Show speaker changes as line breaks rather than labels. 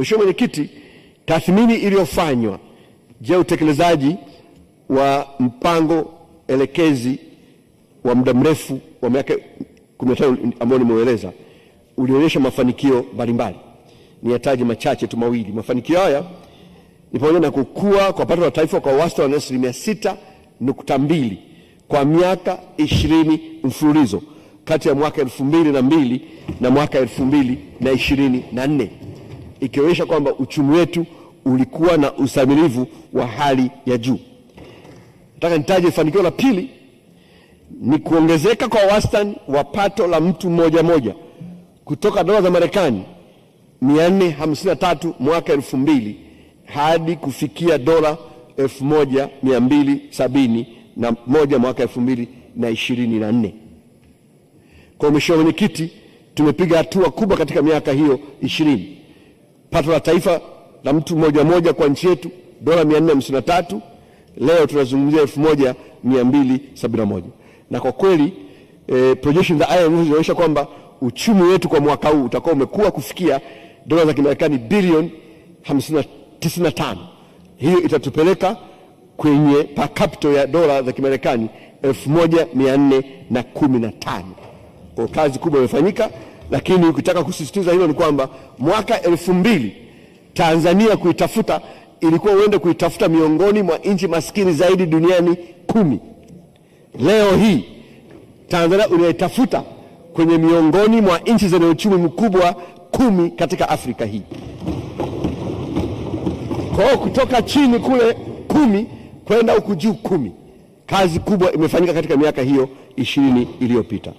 Mheshimiwa Mwenyekiti, tathmini iliyofanywa je utekelezaji wa mpango elekezi wa muda mrefu wa miaka 15 ambao nimeueleza ulionyesha mafanikio mbalimbali. ni yataji machache tu mawili. Mafanikio haya ni pamoja na kukua kwa pato la taifa kwa wastani wa asilimia sita nukta mbili kwa miaka ishirini mfululizo kati ya mwaka elfu mbili na mbili na mwaka elfu mbili na ishirini na nne ikionyesha kwamba uchumi wetu ulikuwa na usamirivu wa hali ya juu. Nataka nitaje fanikio la pili ni kuongezeka kwa wastani wa pato la mtu mmoja moja kutoka dola za Marekani 453 mwaka 2000 hadi kufikia dola 1271 mwaka 2024. Kwa Mheshimiwa Mwenyekiti, tumepiga hatua kubwa katika miaka hiyo ishirini pato la taifa la mtu mmoja mmoja kwa nchi yetu dola 453 leo tunazungumzia 1271 na kwa kweli eh, projection za IMF zinaonyesha kwamba uchumi wetu kwa mwaka huu utakuwa umekuwa kufikia dola za Kimarekani bilioni 95. Hiyo itatupeleka kwenye per capita ya dola za Kimarekani 1415. Kwa kazi kubwa imefanyika. Lakini ukitaka kusisitiza hilo ni kwamba mwaka elfu mbili Tanzania kuitafuta ilikuwa uende kuitafuta miongoni mwa nchi maskini zaidi duniani kumi. Leo hii Tanzania unaitafuta kwenye miongoni mwa nchi zenye uchumi mkubwa kumi katika Afrika hii. Kwa hiyo kutoka chini kule kumi kwenda huku juu kumi, kazi kubwa imefanyika katika miaka hiyo ishirini iliyopita.